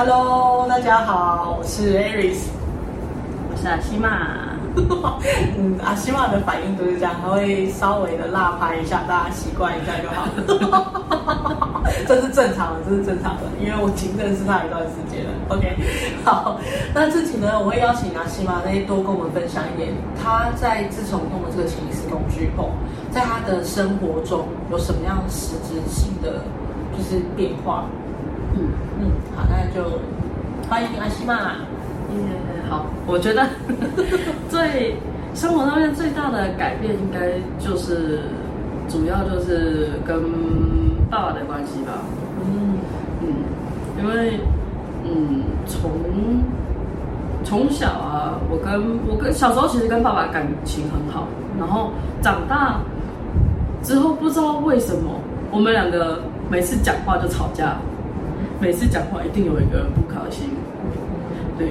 Hello，大家好，我是 Aris，我是阿西瑪。 嗯，阿西瑪的反應都是這樣，他會稍微的辣拍一下，大家習慣一下就好了。 這是正常的，這是正常的，因為我已經認識他一段時間了。OK，好，那這集呢，我會邀請阿西瑪再多跟我們分享一點，他在自從用了這個情緒工具後，ol, 在他的生活中有什麼樣實質性的就是變化。嗯嗯，好，那就歡迎阿西瑪。嗯，好，我覺得呵呵最生活上面最大的改變，應該就是主要就是跟爸爸的關係吧。嗯，嗯，因為嗯從從小啊，我跟我跟小時候其實跟爸爸感情很好，嗯，然後長大之後不知道為什麼，我們兩個每次講話就吵架。每次講話一定有一個人不開心，對，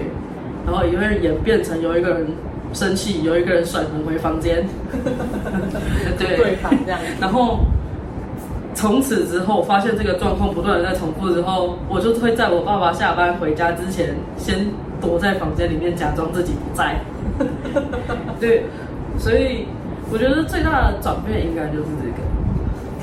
然後也會演變成有一個人生氣，有一個人甩門回房間， 對，然後從此之後發現這個狀況不斷的在重複之後，我就會在我爸爸下班回家之前，先躲在房間裡面假裝自己不在，對，所以我覺得最大的轉變應該就是這個。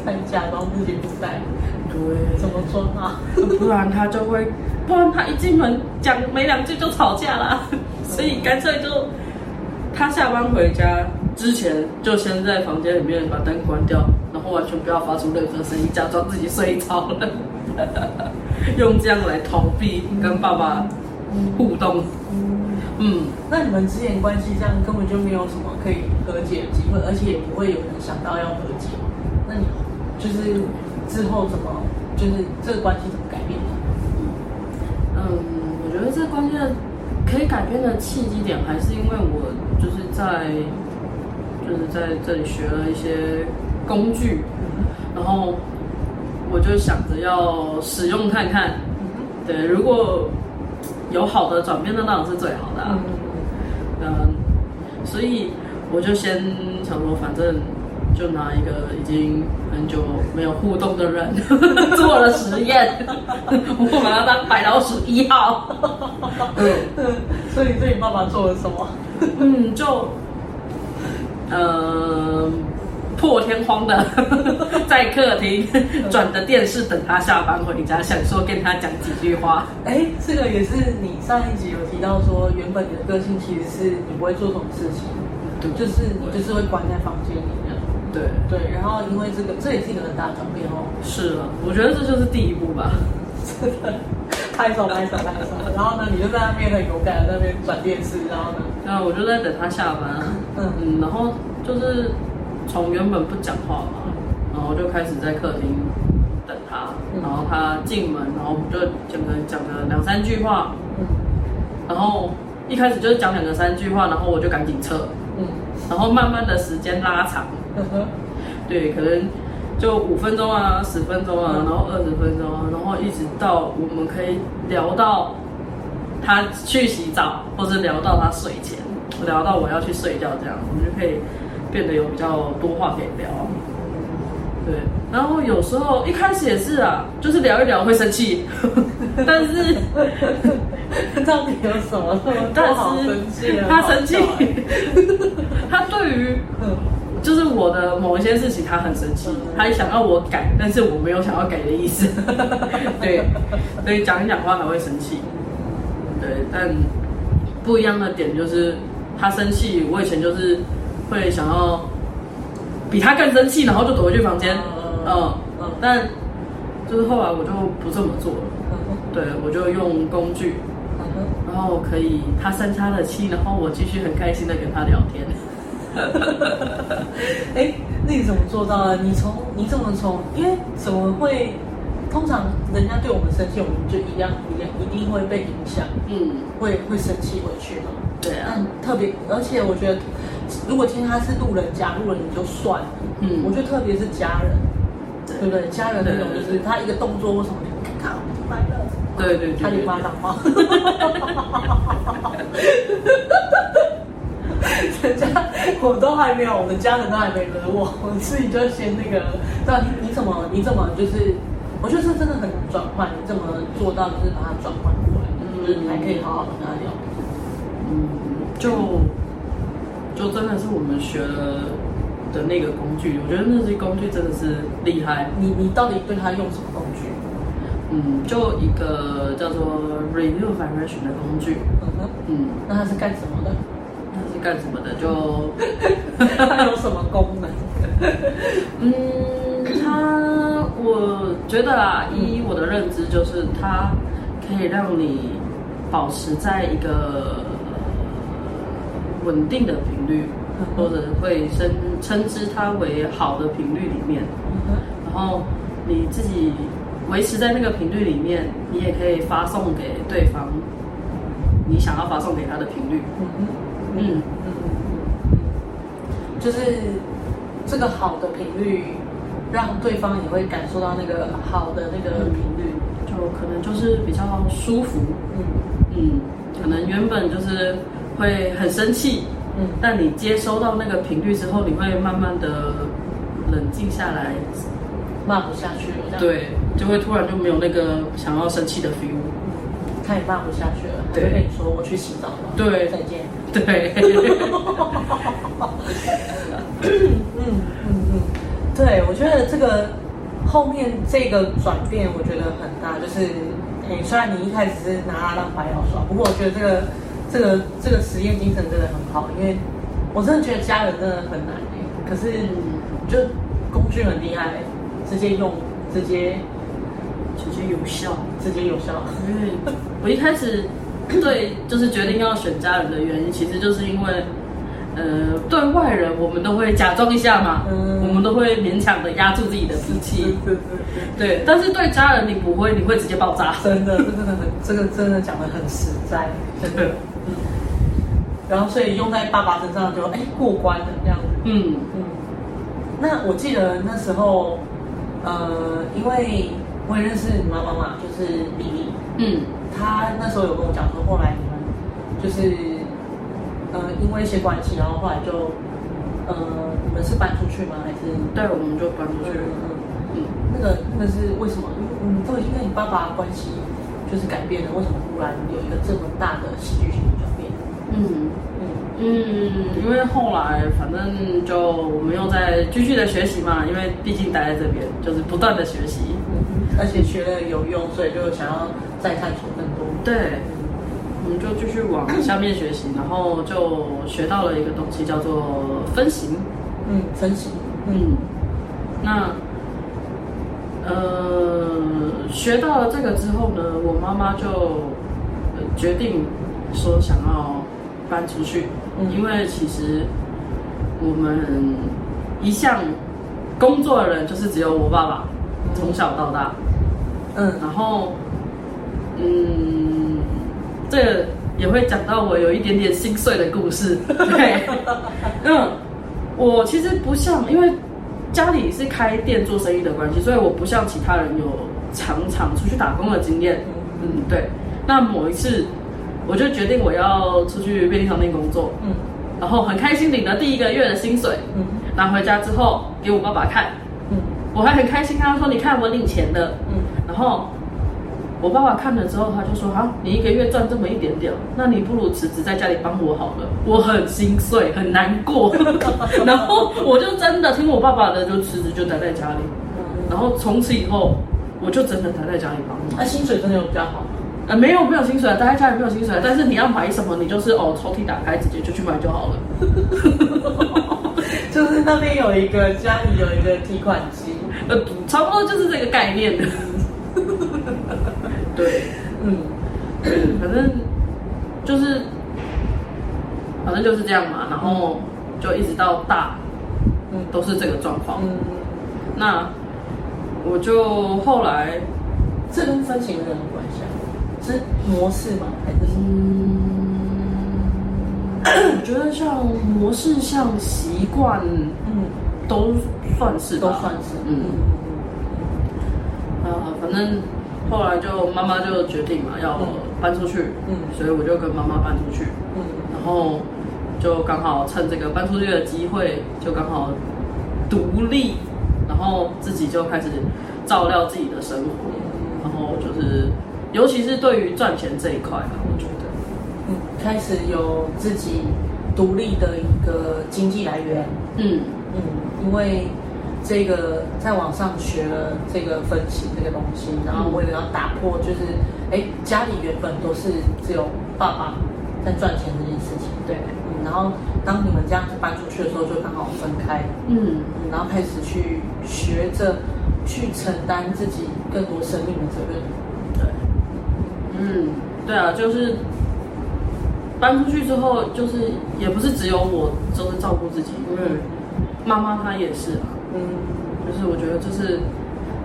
在假裝自己不在，對，怎麼說呢？ 不然他就會，不然他一進門講沒兩句就吵架啦。嗯、所以乾脆就，他下班回家之前，就先在房間裡面把燈關掉，然後完全不要發出任何聲音，假裝自己睡着了， 用這樣來逃避跟爸爸互動。嗯，嗯嗯嗯，那你們之間關係這樣，根本就沒有什麼可以和解的機會，而且也不會有人想到要和解。那你。就是之後怎麼，就是這個關係怎麼改變的？嗯，我覺得這個關鍵可以改變的契機點，還是因為我就是在，就是在這裡學了一些工具，然後我就想着要使用看看。對，如果有好的轉變的，那我是最好的啊。嗯，所以我就先想說，反正。就拿一個已經很久沒有互動的人 做了實驗， 我把他當白老鼠一號， 嗯、所以你對你爸爸做了什麼？ 嗯，就，呃，破天荒的 在客廳廳 轉着電視等他下班回家，想說跟他講幾句話。哎，這個也是你上一集有提到說，原本你的個性其實是你不會做這種事情，嗯、就是你就是會關在房間裡。對對，然後因為這個，這也是一個很大的轉變哦。是啊，我覺得這就是第一步吧。真 的拍手拍手拍手。 然後呢，你就在那邊很勇敢的在那邊轉電視，然後呢？那、啊、我就在等他下班。嗯嗯，然後就是從原本不講話嘛，然後就開始在客廳等他，嗯、然後他進門，然後我們就講了講了兩三句話。嗯。然後一開始就是講兩個三句話，然後我就趕緊撤。嗯。然後慢慢的時間拉長。 對，可能就五分鐘啊，十分鐘啊，然後二十分鐘啊，然後一直到我們可以聊到他去洗澡，或是聊到他睡前，聊到我要去睡覺這樣，我們就可以變得有比較多話可以聊啊。對，然後有時候一開始也是啊，就是聊一聊會生氣，但是 到底有什麼？但是都好生氣了他生氣。 呃，某一些事情他很生氣，他想要我改，但是我沒有想要改的意思，哈哈哈。對，所以講一講話他會生氣，對。但不一樣的點就是，他生氣，我以前就是會想要比他更生氣，然後就躲回去房間，嗯、uh, 嗯。但就是後來我就不這麼做了，對我就用工具，然後可以他生他的氣，然後我繼續很開心的跟他聊天。哎， 那你怎麼做到的？你從你怎麼從？因為怎麼會？通常人家對我們生氣，我們就一樣一樣一定會被影響，嗯，會會生氣回去的。對啊，啊特別而且我覺得，如果今天他是路人甲路人你就算了，嗯，我覺得特別是家人，對，對不對？家人那種就是對對對對他一個動作，為什麼？對對，對對對，他就罵髒話。 人家我都還沒有，我們家人都還沒惹我，我自己就先那個。到底你，你怎麼你怎麼就是？我覺得這真的很轉換，你怎麼做到就是把它轉換過來，就是、嗯、還可以好好跟他聊。嗯，就就真的是我們學了的那個工具，我覺得那些工具真的是厲害。你你到底對他用什麼工具？嗯，就一個叫做 Review n y t i o n 的工具。嗯哼，嗯，那它是幹什麼？幹什麼的？就 有什麼功能？ 嗯，他，我覺得啊，以我的認知就是，它可以讓你保持在一個穩定的頻率，或者會稱稱之它為好的頻率裡面。然後你自己維持在那個頻率裡面，你也可以發送給對方你想要發送給他的頻率。 嗯。就是這個好的頻率，讓對方也會感受到那個好的那個頻率，嗯、就可能就是比較舒服。嗯，嗯可能原本就是會很生氣。嗯。但你接收到那個頻率之後，你會慢慢的冷靜下來，罵不下去。對，就會突然就沒有那個想要生氣的 feel，嗯。他也罵不下去了。對。他就跟你說我去洗澡了。對。對。再見。對。 Okay. 嗯嗯嗯嗯，對，我覺得這個後面這個轉變，我覺得很大。就是，欸、雖然你一開始是拿它、啊、當白老鼠，不過我覺得這個這個這個實驗精神真的很好，因為我真的覺得家人真的很難、欸、可是，就工具很厲害、欸，直接用，直接直接有效，直接有效。對 我一開始對就是決定要選家人的原因，其實就是因為。呃，對外人我們都會假裝一下嘛，嗯、我們都會勉強的壓住自己的脾氣， 對。但是對家人你不會，你會直接爆炸，真的，這真的很，這個真、真、真、真的講得很實在，真的。然後所以用在爸爸身上就哎過關了這樣。嗯嗯。嗯，那我記得那時候，呃，因為我也認識你媽媽嘛，就是麗麗。嗯，她那時候有跟我講說，後來你們就是。因為一些關係，然後後來就，呃，你們是搬出去嗎？還是對，我們就搬出去了。嗯，嗯那個，那個、是為什麼？嗯、因為我們都已經跟你爸爸關係就是改變了，為什麼突然有一個這麼大的戲劇性的轉變？嗯嗯嗯，嗯因為後來反正就我們又在繼續的學習嘛，因為畢竟待在這邊就是不斷的學習，嗯、哼而且學了有用，所以就想要再探索更多。對。我們就繼續往下面學習，然後就學到了一個東西，叫做分型，嗯，分型，嗯，嗯那呃，學到了這個之後呢，我媽媽就、呃、決定說想要搬出去，嗯、因為其實我們一向工作的人就是只有我爸爸，嗯、從小到大。嗯，然後嗯。這個也會講到我有一點點心碎的故事，對， 嗯，我其實不像，因為家裡是開店做生意的關係，所以我不像其他人有常常出去打工的經驗，嗯，嗯，對。那某一次，我就決定我要出去便利商店工作，嗯，然後很開心領了第一個月的薪水，嗯哼，拿回家之後給我爸爸看，嗯，我還很開心，他說你看我領錢的，嗯，然後。我爸爸看了之後，他就說：“哈，你一個月賺這麼一點點，那你不如辭職在家裡幫我好了。”我很心碎，很難過。 然後我就真的聽我爸爸的，就辭職，就待在家裡。嗯、然後從此以後，我就真的待在家裡幫。那、啊、薪水真的有比較好嗎？啊、呃，沒有，沒有薪水，待在家裡沒有薪水。但是你要買什麼，你就是哦，抽屜打開，直接就去買就好了。 就是那邊有一個家裡有一個提款機，呃，差不多就是這個概念。對，嗯，嗯，反正就是，反正就是這樣嘛。然後就一直到大，嗯，都是這個狀況。嗯，那我就後來，這跟分型有什麼關係？是，是模式嗎？還是？嗯，我覺得像模式、像習慣，嗯，都算是吧，都算是，都算是，嗯，嗯，反正。後來就媽媽就決定嘛，要搬出去，嗯，所以我就跟媽媽搬出去，嗯，然後就剛好趁這個搬出去的機會，就剛好獨立，然後自己就開始照料自己的生活，然後就是，尤其是對於賺錢這一塊嘛，我覺得，嗯，開始有自己獨立的一個經濟來源，嗯嗯，因為。這個在網上學了這個分析這個東西，然後我也要打破，就是哎、嗯，家裡原本都是只有爸爸在賺錢這件事情，對、嗯，然後當你們這樣子搬出去的時候，就剛好分開，嗯，嗯，然後開始去學着去承擔自己更多生命的責任，對，嗯，對啊，就是搬出去之後，就是也不是只有我，就是照顧自己，嗯，嗯，媽媽她也是、啊嗯，就是我覺得，就是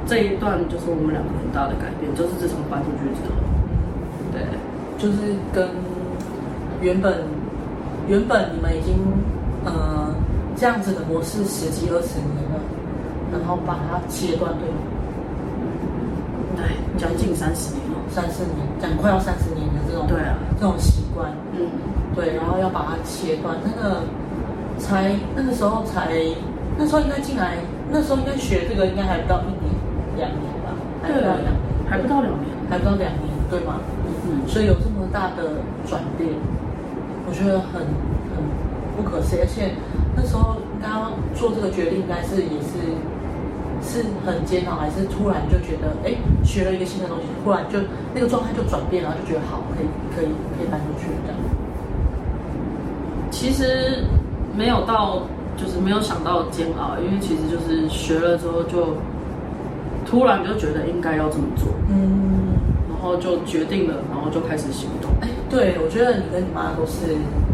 這一段就是我們兩個很大的改變，就是自從搬出去之後，對，就是跟原本原本你們已經呃這樣子的模式十幾二十年了，然後把它切斷，對對，嗯哎、將近三十年哦，三四年，講快要三十年的這種，對啊，這種習慣，嗯，對，然後要把它切斷，那個才那個時候才。那時候應該進來，那時候應該學這個，應該還不到一年、兩年吧，啊、還不到兩年，還不到兩年，對嗎？嗯，所以有這麼大的轉變，我覺得很很不可思議。而且那時候剛剛做這個決定，應該是也是是很煎熬，還是突然就覺得，哎，學了一個新的東西，突然就那個狀態就轉變，然後就覺得好，可以可以可以搬出去了。這樣。其實沒有到。就是沒有想到煎熬，因為其實就是學了之後就突然就覺得應該要這麼做，嗯，然後就決定了，然後就開始行動。哎，對，我覺得你跟你媽都是，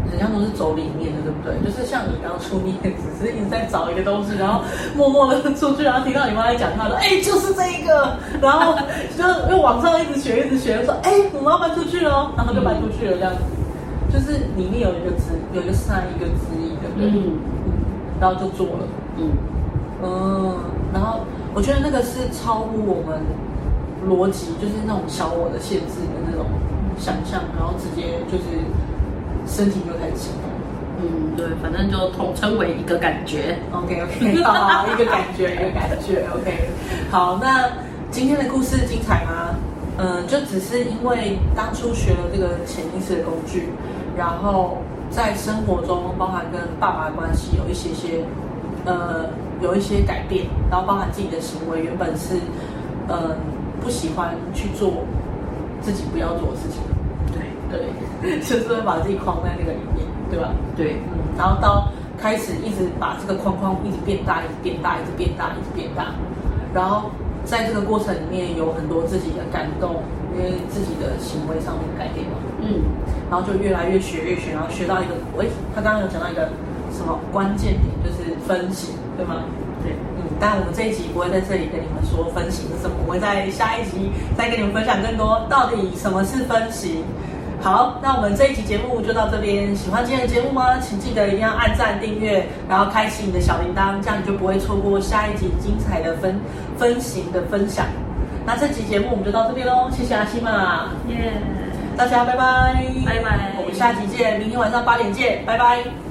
很像都是走裡面的，對不對？就是像你剛，剛出面只是一直在找一個東西，然後默默地出去，然後聽到你媽在講話，她說，哎，就是這一個，然後就又往上一直學，一直學，說，哎，我媽媽出去了，然後就搬出去了，這樣子。就是裡面有一個字，有一個山，一個字，對不對？嗯嗯，然後就做了。嗯，嗯，然後我覺得那個是超乎我們邏輯，就是那種小我的限制的那種想象，然後直接就是身體就開始動。嗯，對，反正就統稱為一個感覺。OK，OK，好，一個感覺，一個感覺。OK，好，那今天的故事精彩嗎？嗯，就只是因為當初學了這個潛意識的工具。然後在生活中，包含跟爸爸的關係有一些些，呃，有一些改變。然後包含自己的行為，原本是，嗯、呃，不喜歡去做自己不要做的事情。對對，就是把自己框在那個裡面，對吧？對、嗯。然後到開始一直把這個框框一直變大，一直變大，一直變大，一直變大，變大，然後。在這個過程裡面，有很多自己的感動，因為自己的行為上面改變嘛，嗯，然後就越來越學，越學，然後學到一個，喂、哎，他剛剛有講到一個什麼關鍵點，就是分型，對嗎？對，嗯。但我們這一集不會在這裡跟你們說分型是什麼，我會在下一集再跟你們分享更多，到底什麼是分型？好，那我們這一集節目就到這邊。喜歡今天的節目嗎？請記得一定要按讚、訂閱，然後開啟你的小鈴鐺，這樣你就不會錯過下一集精彩的分分型的分享。那這期節目我們就到這邊嘍，謝謝阿西瑪，耶，Yeah. 大家拜拜，拜拜 bye，我們下集見，明天晚上八點見，拜拜。